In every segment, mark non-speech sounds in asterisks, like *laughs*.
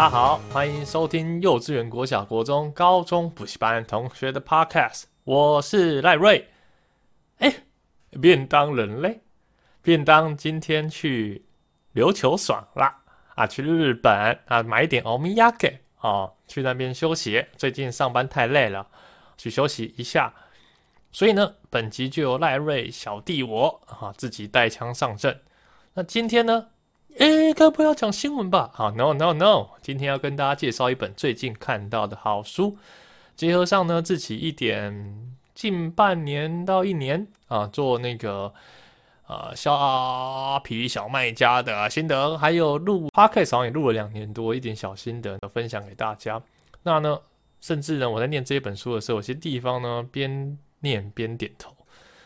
大家、啊、好，歡迎收聽幼稚園、國小、國中、高中補習班同學的 Podcast，我是賴瑞。哎、欸，便當人類，便當今天去琉球爽啦啊！去日本啊，買點歐米亞給啊，去那邊休息。最近上班太累了，去休息一下。所以呢，本集就由賴瑞小弟我啊自己帶槍上陣。那今天呢？哎，該、欸、不會要講新聞吧？啊、oh，no no no，今天要跟大家介紹一本最近看到的好書，結合上呢自己一點近半年到一年啊做那個呃蝦、啊、蝦皮小賣家的心得，還有錄 Podcast 也錄了兩年多一點小心得分享給大家。那呢，甚至呢我在念這一本書的時候，有些地方呢邊念邊點頭、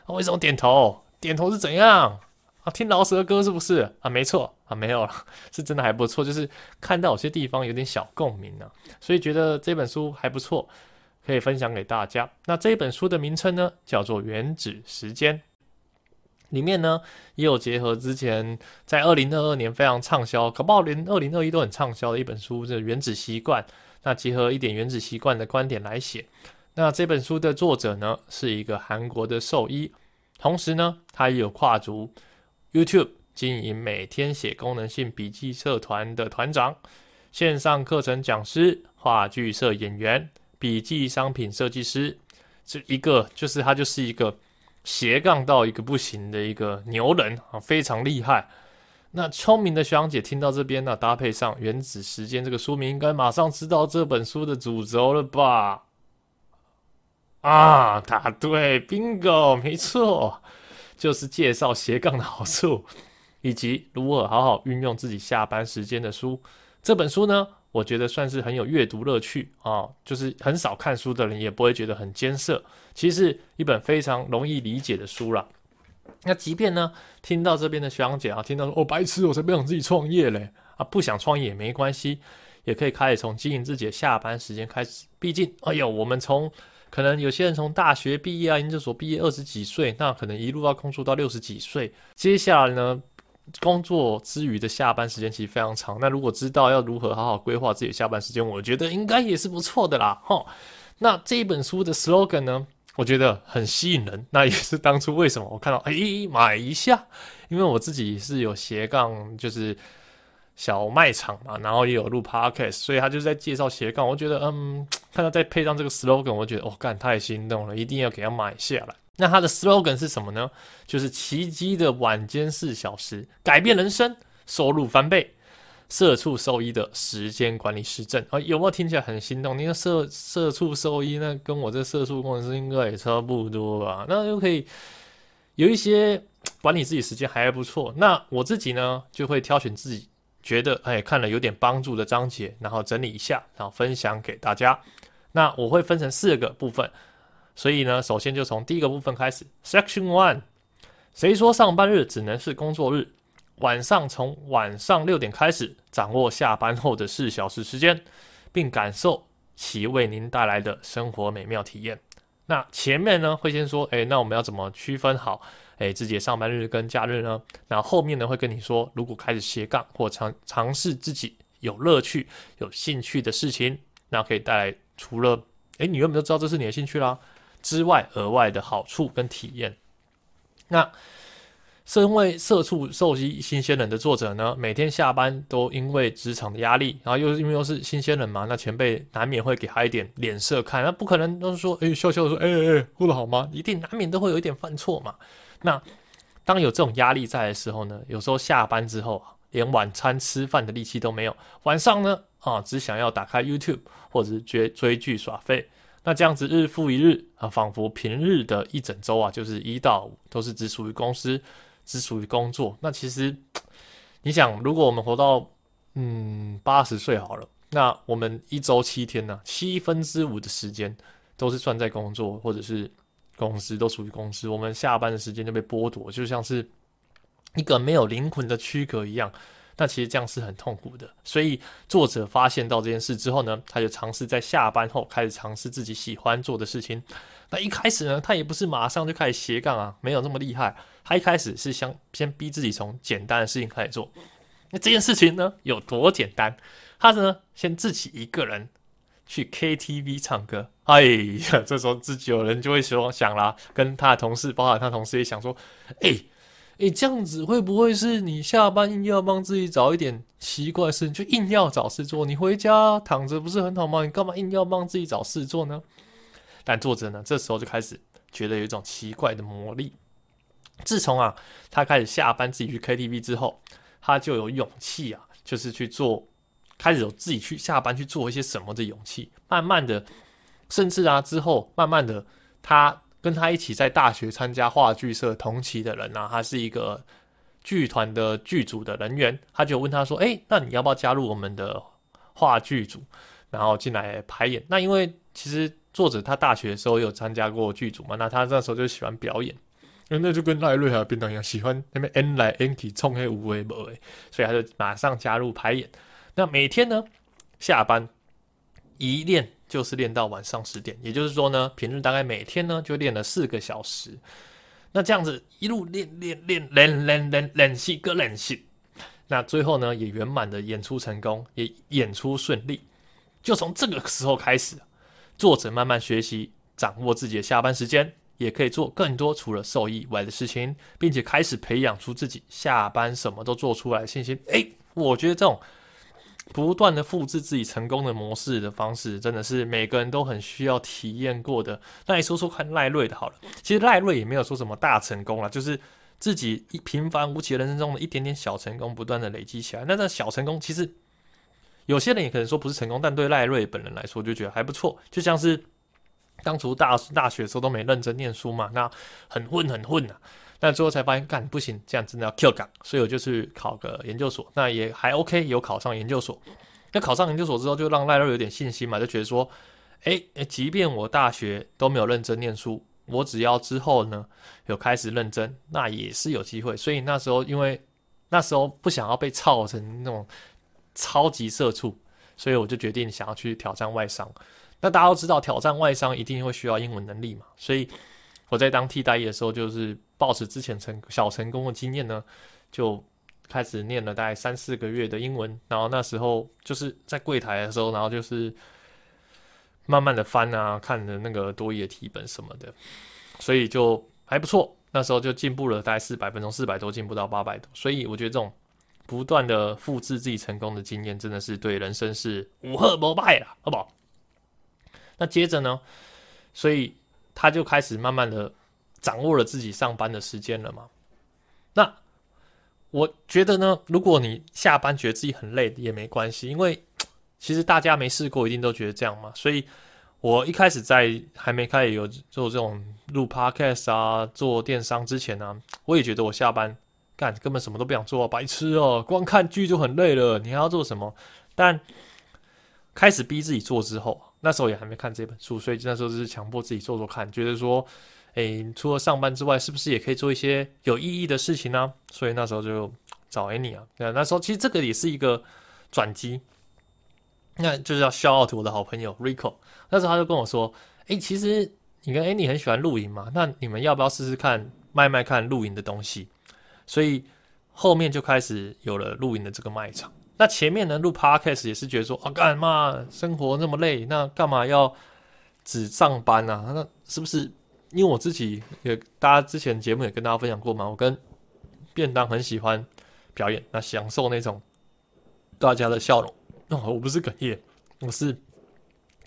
啊。為什麼點頭？點頭是怎樣？啊、聽老舍的歌是不是啊？沒錯啊，沒有了，是真的還不錯，就是看到有些地方有點小共鳴呢、啊，所以覺得這本書還不錯，可以分享給大家。那這本書的名稱呢，叫做《原子時間》，裡面呢也有結合之前在二零二二年非常暢銷，搞不好連二零二一都很暢銷的一本書，就、這個、原子習慣》。那結合一點《原子習慣》的觀點來寫。那這本書的作者呢，是一個韓國的獸醫，同時呢，他也有跨足。YouTube 經營每天寫功能性筆記社團的團長，線上課程講師，話劇社演員，筆記商品設計師，這一個就是他，就是一個斜槓到一個不行的一個牛人啊，非常厲害。那聰明的學長姐聽到這邊呢，啊，搭配上原子時間這個書名，應該馬上知道這本書的主軸了吧？啊，答對，Bingo，沒錯。就是介紹斜槓的好處，以及如何好好運用自己下班時間的書。這本書呢，我覺得算是很有閱讀樂趣啊，哦，就是很少看書的人也不會覺得很艱澀。其實是一本非常容易理解的書啦。那即便呢，聽到這邊的學長姐啊，聽到說哦，白痴，我才不想自己創業嘞啊，不想創業也沒關係，也可以開始從經營自己的下班時間開始。畢竟，哎喲，我們從。可能有些人從大學畢業啊，研究所畢業，二十幾歲，那可能一路要工作到六十幾歲。接下來呢，工作之餘的下班時間其實非常長。那如果知道要如何好好規劃自己的下班時間，我覺得應該也是不錯的啦。哈，那這一本書的 slogan 呢，我覺得很吸引人。那也是當初為什麼我看到，哎、欸，買一下，因為我自己是有斜槓，就是小賣場嘛，然後也有錄 podcast，所以他就在介紹斜槓，我覺得嗯。看到再配上這個 slogan，我覺得我幹、哦、太心動了，一定要給他買下來。那它的 slogan 是什麼呢？就是奇蹟的晚間四小時，改變人生，收入翻倍，社畜受益的時間管理師證。啊、哦，有沒有聽起來很心動？你收那個社社畜受益，呢，跟我這社畜工程師應該也差不多吧？那就可以有一些管理自己時間還，還不錯。那我自己呢，就會挑選自己覺得哎、欸、看了有點幫助的章節，然後整理一下，然後分享給大家。那我會分成四個部分，所以呢，首先就從第一個部分開始。Section one，誰說上班日只能是工作日？晚上從晚上六點開始，掌握下班後的四小時時間，並感受其為您帶來的生活美妙體驗。那前面呢會先說，哎，那我們要怎麼區分好，哎，自己的上班日跟假日呢？那後面呢會跟你說，如果開始斜槓或嘗嘗試自己有樂趣、有興趣的事情，那可以帶來。除了哎、欸，你有沒有知道這是你的興趣啦、啊、之外，額外的好處跟體驗。那身為社畜、受氣新鮮人的作者呢，每天下班都因為職場的壓力，然後又因為又是新鮮人嘛，那前輩難免會給他一點臉色看。那不可能都是說哎，笑、欸、笑說哎哎，過、欸欸、得好嗎？一定難免都會有一點犯錯嘛。那當有這種壓力在的時候呢，有時候下班之後連晚餐吃飯的力氣都沒有，晚上呢啊，只想要打開 YouTube。或者是追追劇耍廢，那這樣子日復一日啊，仿佛平日的一整週啊，就是一到五都是只屬於公司，只屬於工作。那其實，你想，如果我們活到嗯八十歲好了，那我們一週七天呢，啊，七分之五的時間都是算在工作或者是公司，都屬於公司。我們下班的時間就被剝奪，就像是一個沒有靈魂的軀殼一樣。那其實這樣是很痛苦的，所以作者發現到這件事之後呢，他就嘗試在下班後開始嘗試自己喜歡做的事情。那一開始呢，他也不是馬上就開始斜槓啊，沒有那麼厲害。他一開始是想先逼自己從簡單的事情開始做。那這件事情呢，有多簡單？他呢，先自己一個人去 KTV 唱歌。哎呀，這時候自己有人就會說想啦，跟他的同事，包括他的同事也想說，哎、欸。哎，這樣子會不會是你下班硬要幫自己找一點奇怪事，就硬要找事做？你回家躺着不是很好嗎？你幹嘛硬要幫自己找事做呢？但作者呢，這時候就開始覺得有一種奇怪的魔力。自從啊，他開始下班自己去 KTV 之後，他就有勇氣啊，就是去做，開始有自己去下班去做一些什麼的勇氣。慢慢的，甚至啊之後，慢慢的他。跟他一起在大學參加話劇社同期的人呢、啊，他是一個劇團的劇組的人員，他就問他說：“哎、欸，那你要不要加入我們的話劇組，然後進來排演？”那因為其實作者他大學的時候有參加過劇組嘛，那他那時候就喜歡表演，那就跟賴瑞還有冰一樣喜歡那邊 n 來 n 去衝黑無為無為，所以他就馬上加入排演。那每天呢下班一練。就是練到晚上十點，也就是說呢，平均大概每天呢就練了四個小時。那這樣子一路練練練練練練練戲個練戲，那最後呢也圓滿的演出成功，也演出順利。就從這個時候開始，作者慢慢學習掌握自己的下班時間，也可以做更多除了獸醫以外的事情，並且開始培養出自己下班什麼都做出來的信心。哎、欸，我覺得這種。不斷的複制自己成功的模式的方式，真的是每個人都很需要體驗過的。那你說說看賴瑞的好了，其實賴瑞也沒有說什麼大成功了，就是自己一平凡無奇人生中的一點點小成功，不斷的累積起來。那這小成功，其實有些人也可能說不是成功，但對賴瑞本人來說就覺得還不錯。就像是當初大大學的時候都沒認真念書嘛，那很混很混啊。那最後才發現，幹不行，這樣真的要 kill 崗，所以我就去考個研究所，那也還 OK，也有考上研究所。那考上研究所之後，就讓賴瑞有點信心嘛，就覺得說，哎、欸欸，即便我大學都沒有認真念書，我只要之後呢有開始認真，那也是有機會。所以那時候，因為那時候不想要被操成那種超級社畜，所以我就決定想要去挑戰外商。那大家都知道，挑戰外商一定會需要英文能力嘛，所以。我在當替代役的時候，就是抱持之前成小成功的經驗呢，就開始念了大概三四個月的英文，然後那時候就是在櫃檯的時候，然後就是慢慢的翻啊，看的那個多益題本什麼的，所以就還不錯，那時候就進步了大概四百分，從四百多進步到八百多，所以我覺得這種不斷的複製自己成功的經驗，真的是對人生是無賀膜拜了，好不好？那接着呢，所以。他就開始慢慢的掌握了自己上班的時間了嘛。那我覺得呢，如果你下班覺得自己很累也沒關係，因為其實大家沒試過一定都覺得這樣嘛。所以，我一開始在還沒開始有做這種錄 podcast 啊，做電商之前呢，啊，我也覺得我下班乾根本什麼都不想做，啊，白痴哦，光看劇就很累了，你還要做什麼？但開始逼自己做之後。那時候也還沒看這本書，所以那時候就是強迫自己做做看，覺得說，哎，除了上班之外，是不是也可以做一些有意義的事情呢？所以那時候就找 Annie 啊，對，那時候其實這個也是一個轉機，那就是要 shout out 我的好朋友 Rico，那時候他就跟我說，哎，其實你跟 Annie 很喜歡露營嘛，那你們要不要試試看賣賣看露營的東西？所以後面就開始有了露營的這個賣場。那前面呢錄 podcast 也是覺得說，啊，幹嘛生活那麼累，那幹嘛要只上班啊？那是不是因為我自己也，大家之前節目也跟大家分享過嘛？我跟便當很喜歡表演，那、啊、享受那種大家的笑容。哦，我不是哽咽，我是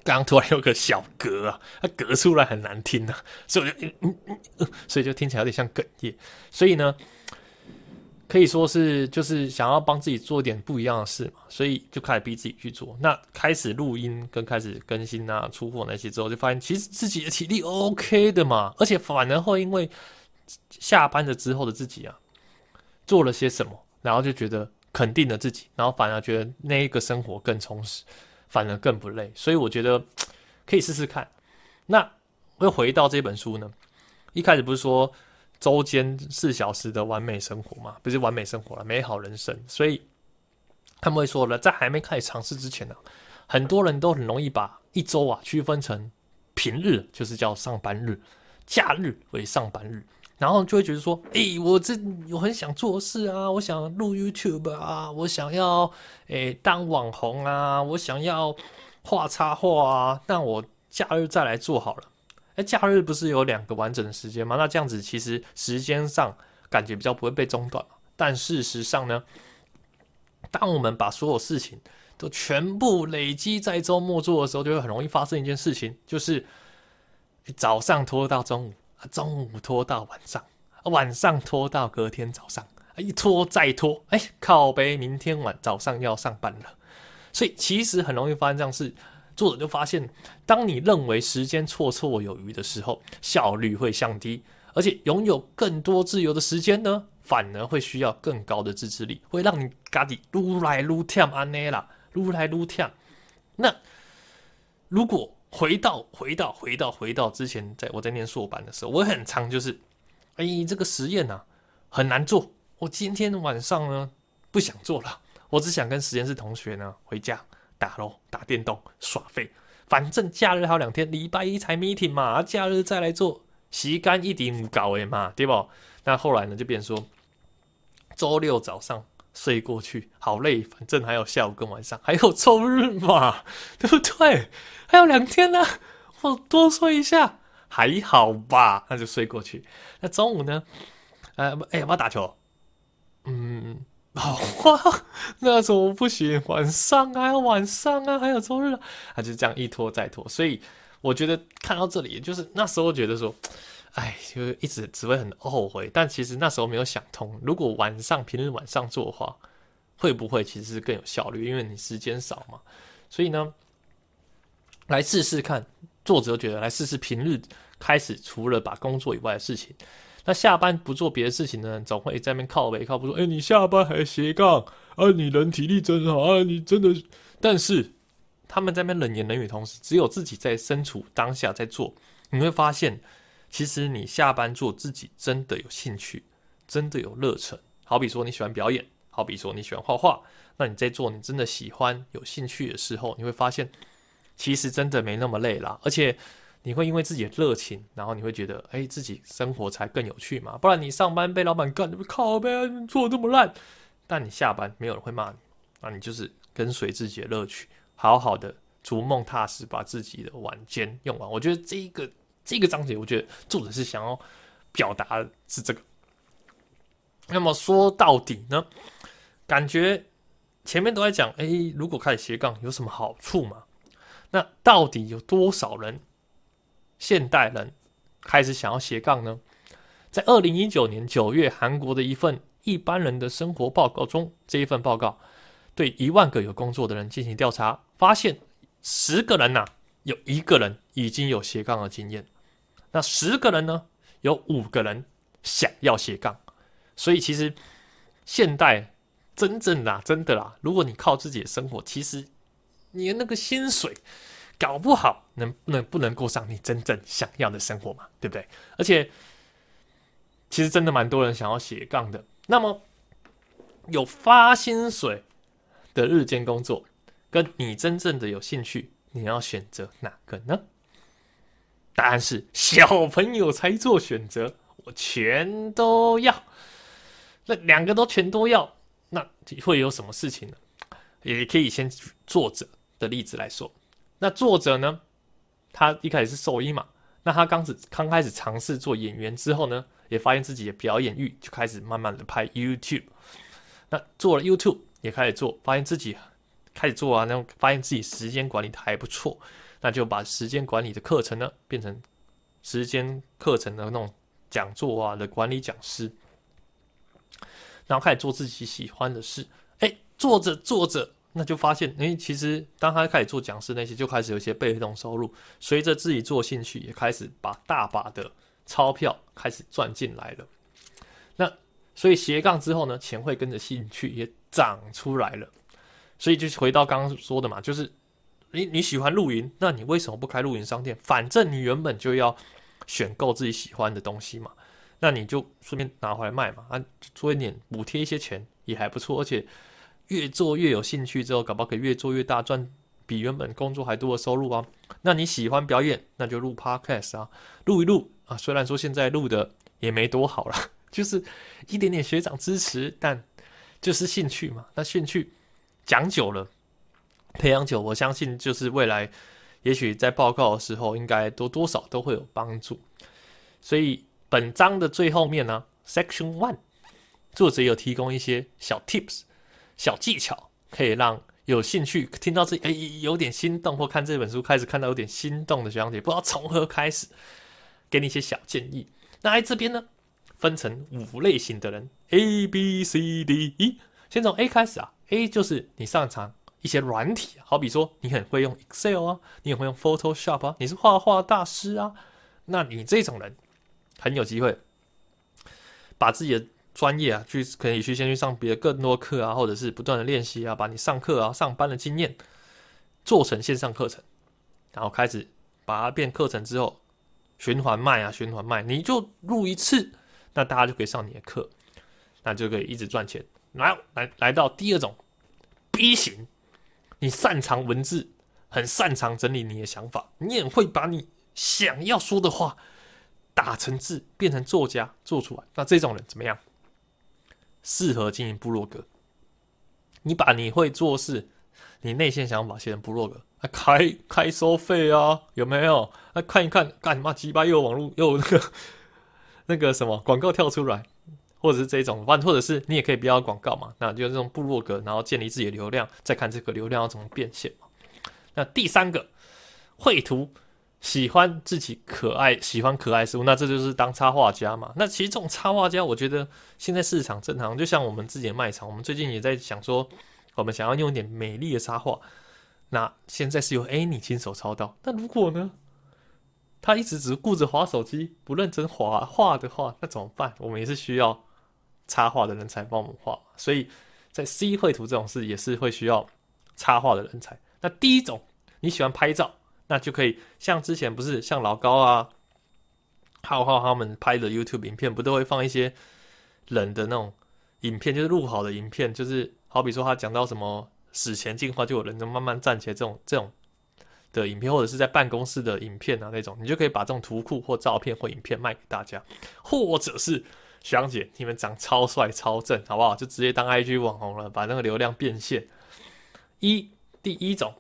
剛突然有個小嗝啊，它、啊、嗝出來很難聽啊，所以我就嗯嗯嗯，所以就聽起來有點像哽咽。所以呢。可以說是就是想要幫自己做一點不一樣的事嘛，所以就開始逼自己去做。那開始錄音跟開始更新啊、出貨那些之後，就發現其實自己的體力 OK 的嘛，而且反而會因為下班了之後的自己啊，做了些什麼，然後就覺得肯定了自己，然後反而覺得那一個生活更充實，反而更不累。所以我覺得可以試試看。那會回，回到這本書呢？一開始不是說，周間四小時的完美生活嘛，不是完美生活了，美好人生。所以他們會說了，在還沒開始嘗試之前呢，很多人都很容易把一周啊區分成平日，就是叫上班日，假日為上班日，然後就會覺得說，哎，我這我很想做事啊，我想錄 YouTube 啊，我想要誒，當網紅啊，我想要畫插畫啊，那我假日再來做好了。哎、欸，假日不是有兩個完整的時間嗎？那這樣子其實時間上感覺比較不會被中斷，但事實上呢，當我們把所有事情都全部累積在週末做的時候，就會很容易發生一件事情，就是早上拖到中午，啊、中午拖到晚上，啊，晚上拖到隔天早上，啊、一拖再拖，哎、欸，靠北，明天晚早上要上班了，所以其實很容易發生這樣事。作者就發現，當你認為時間綽綽有餘的時候，效率會降低，而且擁有更多自由的時間呢，反而會需要更高的自制力，會讓你嘎地擼來擼跳安捏啦，擼來擼跳。那如果回到回到回到回到之前，在我在念碩班的時候，我很常就是，哎、欸，這個實驗啊很難做，我今天晚上呢不想做了，我只想跟實驗室同學呢回家。打咯，打電動耍廢，反正假日還有兩天，禮拜一才 meeting 嘛，假日再來做，時間一直不夠的嘛，對不？那後來呢，就變說，週六早上睡過去，好累，反正還有下午跟晚上，還有週日嘛，對不對？還有兩天呢、啊，我多睡一下，還好吧？那就睡過去。那中午呢？呃，哎、欸，我打球，嗯。好啊， *laughs* 那時候不行，晚上啊，晚上啊，還有周日啊，他、啊、就這樣一拖再拖。所以我覺得看到這裡，也就是那時候覺得說，哎，就一直只會很後悔。但其實那時候沒有想通，如果晚上平日晚上做的話，會不會其實更有效率？因為你時間少嘛。所以呢，來試試看。作者覺得來試試平日開始，除了把工作以外的事情。那下班不做別的事情呢，總會在那邊靠北靠不說，哎、欸，你下班還斜槓，啊，你人體力真好，啊，你真的。但是，他們在那邊冷言冷語同時，只有自己在身處當下在做，你會發現，其實你下班做自己真的有興趣，真的有熱忱。好比說你喜歡表演，好比說你喜歡畫畫，那你在做你真的喜歡有興趣的時候，你會發現，其實真的沒那麼累啦。而且。你會因為自己的熱情，然後你會覺得，哎，自己生活才更有趣嘛？不然你上班被老闆幹，你靠唄，做這麼爛。但你下班沒有人會罵你，那你就是跟隨自己的樂趣，好好的逐夢踏實，把自己的晚間用完。我覺得這一個這個章節，我覺得作者是想要表達的是這個。那麼說到底呢，感覺前面都在講，哎，如果開始斜槓有什麼好處嗎？那到底有多少人？現代人開始想要斜槓呢？在二零一九年九月，韓國的一份一般人的生活報告中，這一份報告對一萬個有工作的人進行調查，發現十個人吶、啊，有一個人已經有斜槓的經驗。那十個人呢，有五個人想要斜槓。所以其實現代真正、啊、真的啦、啊，如果你靠自己的生活，其實你的那個薪水。搞不好能不能不能過上你真正想要的生活嘛？對不對？而且其實真的蠻多人想要斜槓的。那麼有發薪水的日間工作，跟你真正的有興趣，你要選擇哪個呢？答案是小朋友才做選擇，我全都要，那兩個都全都要。那會有什麼事情呢？也可以先舉作者的例子來說。那作者呢？他一開始是獸醫嘛。那他剛始剛開始嘗試做演員之後呢，也發現自己的表演欲就開始慢慢的拍 YouTube。那做了 YouTube 也開始做，發現自己開始做啊，那種發現自己時間管理的還不錯，那就把時間管理的課程呢變成時間課程的那種講座啊的管理講師，然後開始做自己喜歡的事。哎、欸，做着做着。那就發現，誒、欸，其實當他開始做講師那些，就開始有些被動收入。隨着自己做興趣，也開始把大把的鈔票開始賺進來了。那所以斜槓之後呢，錢會跟着興趣也長出來了。所以就回到剛剛說的嘛，就是你，你你喜歡露營，那你為什麼不開露營商店？反正你原本就要選購自己喜歡的東西嘛，那你就順便拿回來賣嘛，啊，做一點補貼一些錢也還不錯，而且。越做越有興趣之後，搞不好可以越做越大，賺比原本工作還多的收入哦。那你喜歡表演，那就錄 Podcast 啊，錄一錄啊。雖然說現在錄的也沒多好了，就是一點點學長支持，但就是興趣嘛。那興趣講久了，培養久，我相信就是未來，也許在報告的時候，應該多多少都會有幫助。所以本章的最後面呢，Section One，作者有提供一些小 Tips。小技巧可以讓有興趣聽到這哎、欸、有點心動，或看這本書開始看到有點心動的學長，也不知道從何開始，給你一些小建議。那在這邊呢，分成五類型的人、嗯、A B C D E，先從 A 開始啊，A 就是你擅長一些軟體，好比說你很會用 Excel 啊，你很會用 Photoshop 啊，你是畫畫大師啊，那你這種人很有機會把自己的專業啊，去可以去先去上別的更多課啊，或者是不斷的練習啊，把你上課啊、上班的經驗做成線上課程，然後開始把它變課程之後，循環賣啊，循環賣，你就錄一次，那大家就可以上你的課，那就可以一直賺錢。來來來到第二種 B 型，你擅長文字，很擅長整理你的想法，你也會把你想要說的話打成字，變成作家做出來。那這種人怎麼樣？適合經營部落格，你把你會做事，你內心想法寫成部落格，啊、開開收費啊，有沒有？那、啊、看一看，幹什麼，雞巴，又有網絡又有那個那個什麼廣告跳出來，或者是這種，反或者是你也可以不要廣告嘛，那就用這種部落格，然後建立自己的流量，再看這個流量要怎麼變現嘛。那第三個，繪圖。喜歡自己可愛，喜歡可愛事物，那這就是當插畫家嘛。那其實這種插畫家，我覺得現在市場正常，就像我們自己的賣場，我們最近也在想說，我們想要用一點美麗的插畫。那現在是由 A 你親手操刀，那如果呢？他一直只顧着滑手機，不認真畫畫的話，那怎麼辦？我們也是需要插畫的人才幫我們畫。所以在 C 繪圖這種事也是會需要插畫的人才。那第一種，你喜歡拍照。那就可以像之前不是像老高啊、浩浩他們拍的 YouTube 影片，不都會放一些冷的那種影片，就是錄好的影片，就是好比說他講到什麼史前進化，就有人就慢慢站起來這種這種的影片，或者是在辦公室的影片啊那種，你就可以把這種圖庫或照片或影片賣給大家，或者是學長姐你們長超帥超正，好不好？就直接當 IG 網紅了，把那個流量變現。一第一種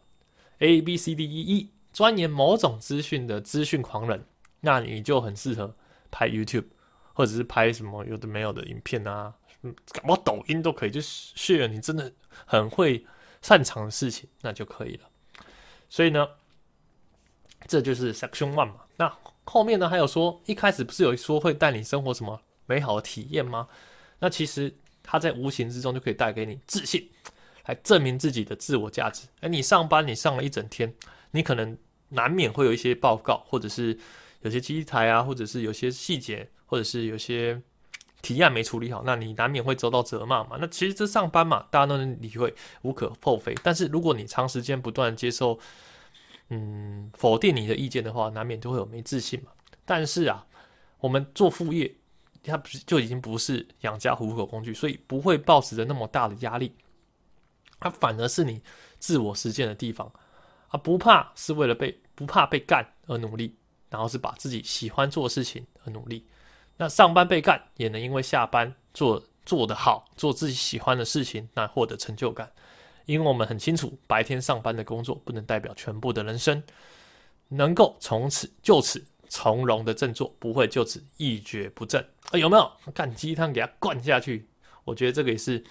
A B C D E e。鑽研某種資訊的資訊狂人，那你就很適合拍 YouTube，或者是拍什麼有的沒有的影片啊，搞到抖音都可以，就 share 你真的很會擅長的事情，那就可以了。所以呢，這就是 section one 嘛。那後面呢，還有說一開始不是有說會帶你生活什麼美好的體驗嗎？那其實它在無形之中就可以帶給你自信，來證明自己的自我價值。誒，你上班你上了一整天，你可能。難免會有一些報告，或者是有些機台啊，或者是有些細節，或者是有些提案沒處理好，那你難免會遭到責罵嘛。那其實這上班嘛，大家都能理會，無可厚非。但是如果你長時間不斷接受，嗯，否定你的意見的話，難免就會有沒自信嘛。但是啊，我們做副業，它不是就已經不是養家糊口工具，所以不會抱持着那麼大的壓力，它反而是你自我實踐的地方。啊，不怕是為了被不怕被幹而努力，然後是把自己喜歡做的事情而努力。那上班被幹也能因為下班做做得好，做自己喜歡的事情，那獲得成就感。因為我們很清楚，白天上班的工作不能代表全部的人生，能夠從此就此從容的振作，不會就此一蹶不振啊、欸？有沒有乾雞湯給他灌下去？我覺得這個也是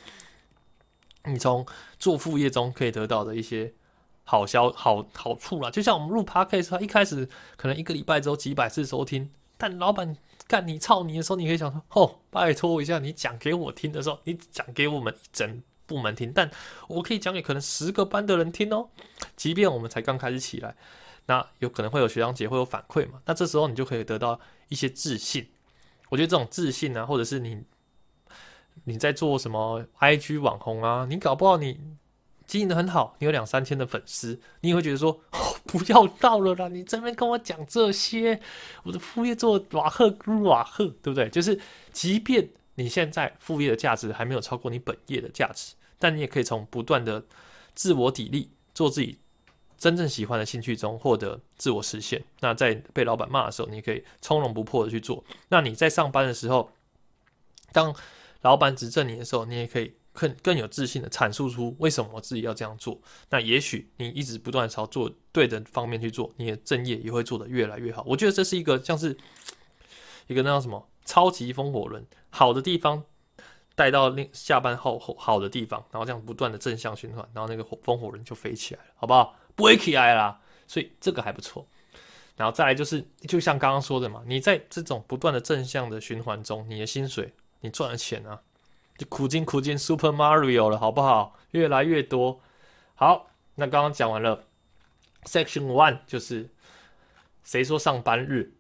你從做副業中可以得到的一些。好消好好處啦，就像我們入 Podcast 可以說一開始可能一個禮拜之後幾百次收聽，但老闆幹你操你的時候，你可以想說：哦，拜托一下，你講給我聽的時候，你講給我們整部門聽，但我可以講給可能十個班的人聽哦、喔。即便我們才剛開始起來，那有可能會有學長姐會有反饋嘛？那這時候你就可以得到一些自信。我覺得這種自信啊或者是你你在做什麼 IG 網紅啊，你搞不好你。經營得很好，你有兩三千的粉絲，你也會覺得說，哦，不要鬧了啦，你這邊跟我講這些，我的副業做瓦赫瓦赫，對不對？就是，即便你現在副業的價值還沒有超過你本業的價值，但你也可以從不斷的自我砥礪，做自己真正喜歡的興趣中獲得自我實現。那在被老板罵的時候，你也可以從容不迫的去做。那你在上班的時候，當老板指正你的時候，你也可以。更更有自信的闡述出為什麼我自己要這樣做，那也許你一直不斷朝做對的方面去做，你的正業也會做得越來越好。我覺得這是一個像是一個那叫什麼超級風火輪，好的地方帶到那下班後後好的地方，然後這樣不斷的正向循環，然後那個火風火輪就飛起來了，好不好？不會起來啦，所以這個還不錯。然後再來就是，就像剛剛說的嘛，你在這種不斷的正向的循環中，你的薪水，你賺了錢啊。就苦盡苦盡，Super Mario 了，好不好？越來越多。好，那剛剛講完了 Section One，就是誰說上班日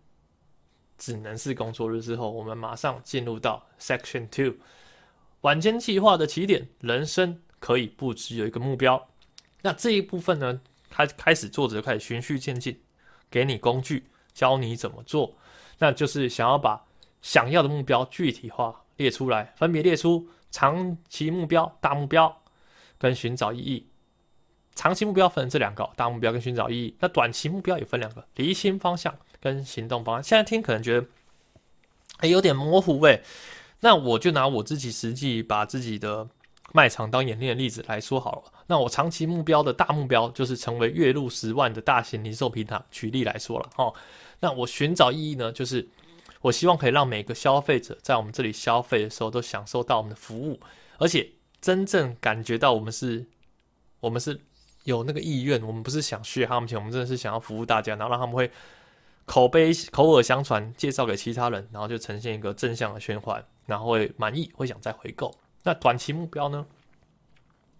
只能是工作日之後，我們馬上進入到 Section Two，晚間計劃的起點。人生可以不只有一個目標。那這一部分呢，他開始作者開始循序漸進，給你工具，教你怎麼做。那就是想要把想要的目標具，具體化。列出來，分別列出長期目標、大目標跟尋找意義。長期目標分這兩個，大目標跟尋找意義。那短期目標也分兩個，釐清方向跟行動方向。現在聽可能覺得還、欸、有點模糊欸、欸，那我就拿我自己實際把自己的賣場當演練的例子來說好了。那我長期目標的大目標就是成為月入十萬的大型零售平台，舉例來說了哦。那我尋找意義呢，就是。我希望可以讓每個消費者在我們這裡消費的時候都享受到我們的服務，而且真正感覺到我們是，我們是有那個意願，我們不是想炫他們錢，我們真的是想要服務大家，然後讓他們會口碑口耳相傳，介紹給其他人，然後就呈現一個正向的循環，然後會滿意，會想再回購。那短期目標呢？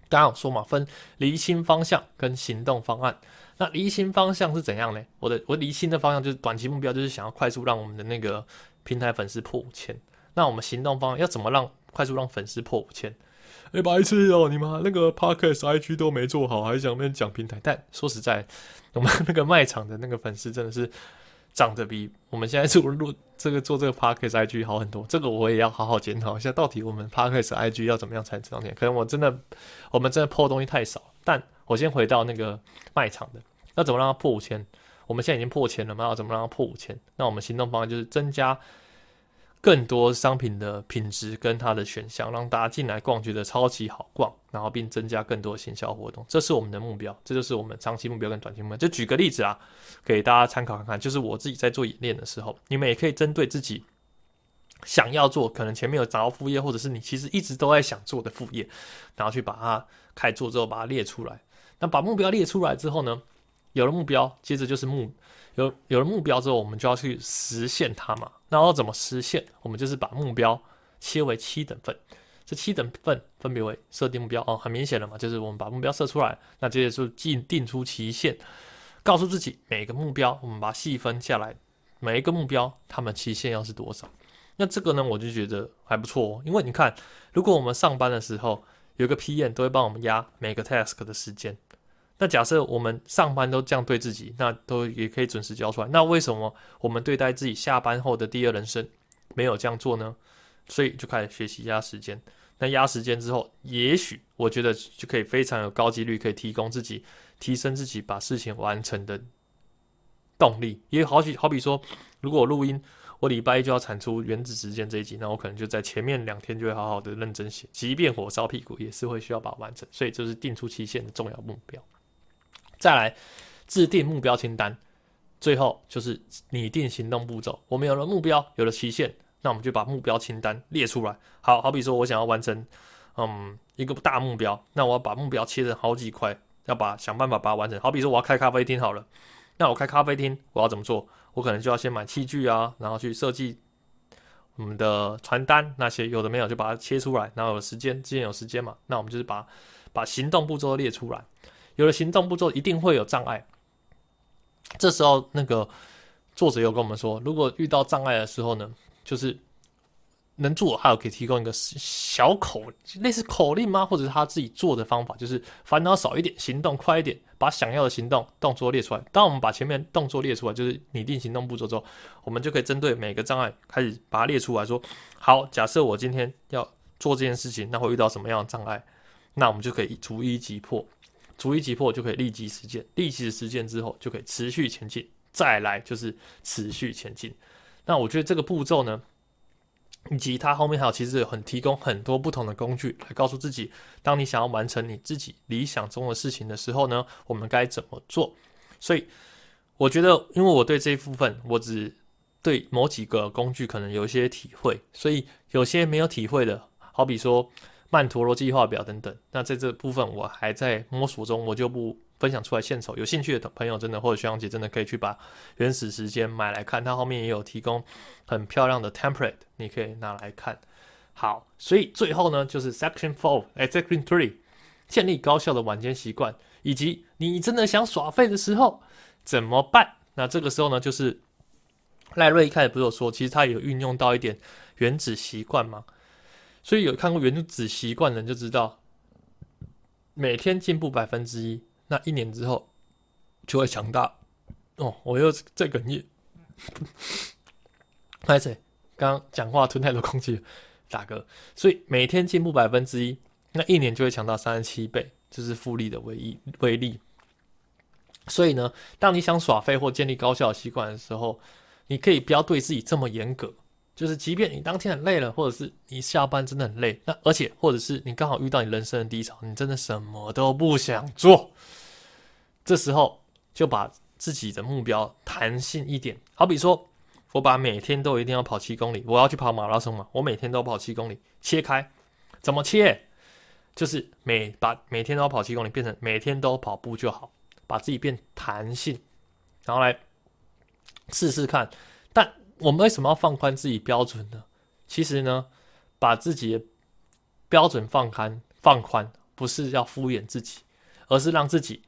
剛剛有說嘛，分釐清方向跟行動方案。那離心方向是怎樣呢？我的我離心的方向就是短期目標，就是想要快速讓我們的那個平台粉絲破五千。那我們行動方向要怎麼讓快速讓粉絲破五千？哎，白痴哦、喔，你媽那個 podcast IG 都沒做好，還想那邊講平台？但說實在，我們那個賣場的那個粉絲真的是漲的比我們現在做錄這個做這個 podcast IG 好很多。這個我也要好好檢討一下，到底我們 podcast IG 要怎麼樣才能漲點？可能我真的我們真的破東西太少。但我先回到那個賣場的。那怎麼讓它破五千？我們現在已經破千了嘛？要怎麼讓它破五千？那我們行動方案就是增加更多商品的品質跟它的選項，讓大家進來逛覺得超級好逛，然後並增加更多的行銷活動，這是我們的目標，這就是我們長期目標跟短期目標。就舉個例子啊，給大家參考看看，就是我自己在做演練的時候，你們也可以針對自己想要做，可能前面有找到副業，或者是你其實一直都在想做的副業，然後去把它開做之後，把它列出來。那把目標列出來之後呢？有了目標，接着就是目有有了目標之後，我們就要去實現它嘛。那要怎麼實現？我們就是把目標切為七等份，這七等份分別為設定目標哦，很明顯了嘛，就是我們把目標設出來。那接着就進，定出期限，告訴自己每一個目標，我們把它細分下來，每一個目標它們期限要是多少。那這個呢，我就覺得還不錯，哦，因為你看，如果我們上班的時候有個 PM，都會幫我們壓每個 task 的時間。那假設我們上班都這樣對自己，那都也可以準時交出來。那為什麼我們對待自己下班後的第二人生沒有這樣做呢？所以就開始學習壓時間。那壓時間之後，也許我覺得就可以非常有高幾率可以提供自己提升自己把事情完成的動力。因為好，好比說，如果我錄音，我禮拜一就要產出《原子時間》這一集，那我可能就在前面兩天就會好好的認真寫，即便火燒屁股也是會需要把它完成。所以這是定出期限的重要目標。再來制定目標清單，最後就是擬定行動步驟。我們有了目標，有了期限，那我們就把目標清單列出來。好好比說，我想要完成，嗯，一個大目標，那我要把目標切成好幾塊，要把想辦法把它完成。好比說，我要開咖啡廳好了，那我開咖啡廳，我要怎麼做？我可能就要先買器具啊，然後去設計我們的傳單那些，有的沒有就把它切出來。然後有時間，之前有時間嘛，那我們就是把把行動步驟列出來。有了行動步驟，一定會有障礙。這時候，那個作者又跟我們說，如果遇到障礙的時候呢，就是能做，還有可以提供一個小口類似口令嗎？或者是他自己做的方法，就是煩惱少一點，行動快一點，把想要的行動動作列出來。當我們把前面動作列出來，就是擬定行動步驟之後，我們就可以針對每個障礙開始把它列出來，說好，假設我今天要做這件事情，那會遇到什麼樣的障礙？那我們就可以逐一擊破。逐一擊破就可以立即實踐，立即實踐之後就可以持續前進。再來就是持續前進。那我覺得這個步驟呢，以及它後面還有其實有很提供很多不同的工具來告訴自己，當你想要完成你自己理想中的事情的時候呢，我們該怎麼做？所以我覺得，因為我對這一部分，我只對某幾個工具可能有一些體會，所以有些沒有體會的，好比說。曼陀羅計劃表等等，那在這部分我還在摸索中，我就不分享出來獻醜。有興趣的朋友真的或者學長姐真的可以去把原始時間買來看，它後面也有提供很漂亮的 template，你可以拿來看。好，所以最後呢就是 section four，誒，section three，建立高效的晚間習慣，以及你真的想耍廢的時候怎麼辦？那這個時候呢就是賴瑞一開始不是有說，其實他有運用到一點原子習慣嘛。所以有看過原子習慣的人就知道，每天進步百分之一，那一年之後就會強大。哦，我又在哽咽。 *laughs* 麥子，剛剛講話吞太多空氣，打嗝。所以每天進步百分之一，那一年就會強大三十七倍，這就是複利的唯一威力。所以呢，當你想耍廢或建立高效習慣的時候，你可以不要對自己這麼嚴格。就是，即便你當天很累了，或者是你下班真的很累，那而且，或者是你剛好遇到你人生的低潮，你真的什麼都不想做，這時候就把自己的目標彈性一點。好比說，我把每天都一定要跑七公里，我要去跑馬拉松嘛，我每天都跑七公里，切開，怎麼切？就是每把每天都跑七公里變成每天都跑步就好，把自己變彈性，然後來試試看。我們為什麼要放寬自己標準呢？其實呢，把自己的標準放寬放寬，不是要敷衍自己，而是讓自己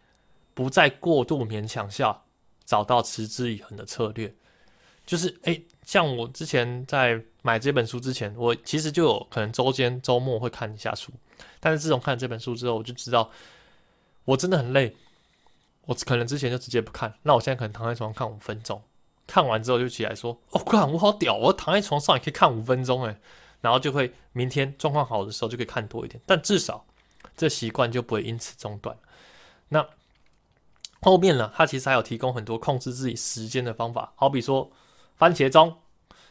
不再過度勉強下，找到持之以恆的策略。就是，哎、欸，像我之前在買這本書之前，我其實就有可能周間周末會看一下書，但是自從看了這本書之後，我就知道我真的很累，我可能之前就直接不看，那我現在可能躺在床上看五分鐘。看完之後就起來說：“我、哦、靠，我好屌，哦！我躺在床上也可以看五分鐘哎，然後就會明天狀況好的時候就可以看多一點，但至少這習慣就不會因此中斷。那後面呢？它其實還有提供很多控制自己時間的方法，好比說番茄鐘，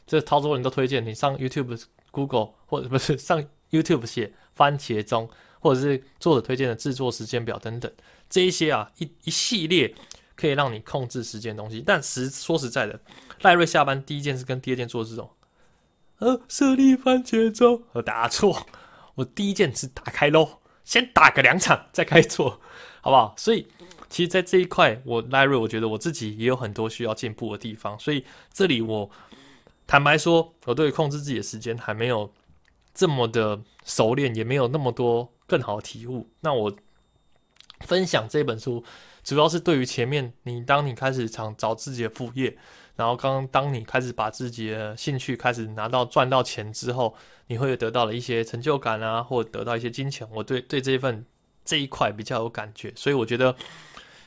這超多人都推薦你上 YouTube、Google，或者不是上 YouTube 寫番茄鐘，或者是作者推薦的制作時間表等等，這一些啊一一系列。可以讓你控制時間的東西，但實說實在的，賴瑞下班第一件事跟第二件做這種，呃、啊，設立番茄鐘我打錯。我第一件事打開嘍，先打個兩場再開錯，好不好？所以，其實，在這一塊，我賴瑞，我覺得我自己也有很多需要進步的地方。所以，這裡我坦白說，我對控制自己的時間還沒有這麼的熟練，也沒有那麼多更好的體悟。那我分享這本書。主要是對於前面你，當你開始想找自己的副業，然後剛剛當你開始把自己的興趣開始拿到賺到錢之後，你會得到了一些成就感啊，或者得到一些金錢。我對對這一份這一塊比較有感覺，所以我覺得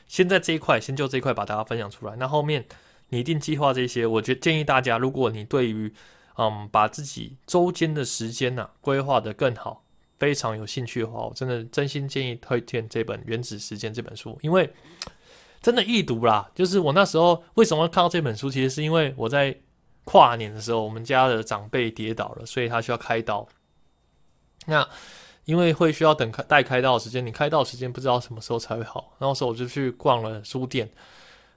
現在這一塊先就這一塊把大家分享出來。那後面擬定計劃這些，我覺建議大家，如果你對於嗯把自己周間的時間呢規劃得更好。非常有興趣的話，我真的真心建議推薦這本《原子時間》這本書，因為真的易讀啦。就是我那時候為什麼要看到這本書，其實是因為我在跨年的時候，我們家的長輩跌倒了，所以他需要開刀。那因為會需要等待開刀的時間，你開刀時間不知道什麼時候才會好，那時候我就去逛了書店。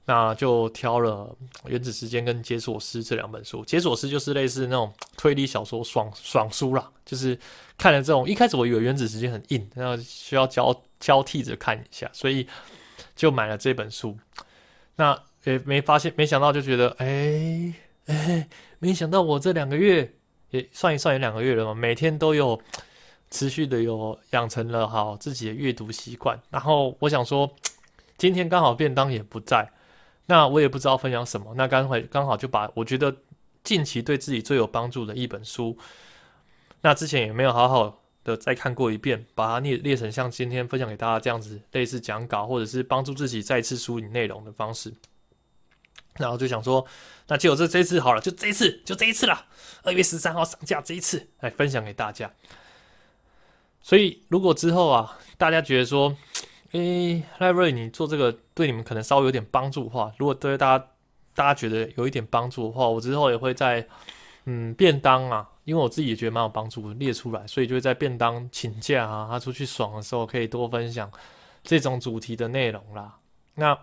那就挑了《原子時間》跟《解鎖師》這兩本書，《解鎖師》就是類似那種推理小說爽，爽爽書啦，就是看了這種。一開始我以為《原子時間》很硬，然後需要交交替着看一下，所以就買了這本書。那也沒發現，沒想到就覺得，哎、欸、哎、欸，沒想到我這兩個月，也算一算有兩個月了嘛，每天都有持續的有養成了好自己的閱讀習慣。然後我想說，今天剛好便當也不在。那我也不知道分享什麼，那剛會剛好就把我覺得近期對自己最有幫助的一本書，那之前也沒有好好的再看過一遍，把它列列成像今天分享給大家這樣子類似講稿，或者是幫助自己再次梳理內容的方式，然後就想說，那就這這次好了，就這一次，就這一次了，二月十三號上架這一次，來分享給大家。所以如果之後啊，大家覺得說，欸，Larry，你做這個對你們可能稍微有點幫助的話，如果對大家大家覺得有一點幫助的話，我之後也會在嗯便當啊，因為我自己也覺得蠻有幫助，列出來，所以就會在便當請假啊，他出去爽的時候可以多分享這種主題的內容啦。那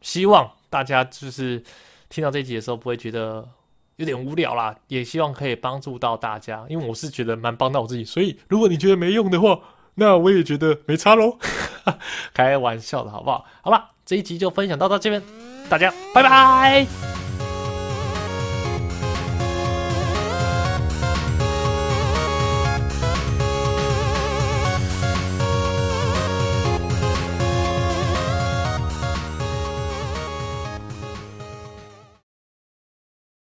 希望大家就是聽到這一集的時候不會覺得有點無聊啦，也希望可以幫助到大家，因為我是覺得蠻幫到我自己，所以如果你覺得沒用的話。那我也覺得沒差嘍， *laughs* 開玩笑的好不好？好吧，這一集就分享到到這邊，大家拜拜。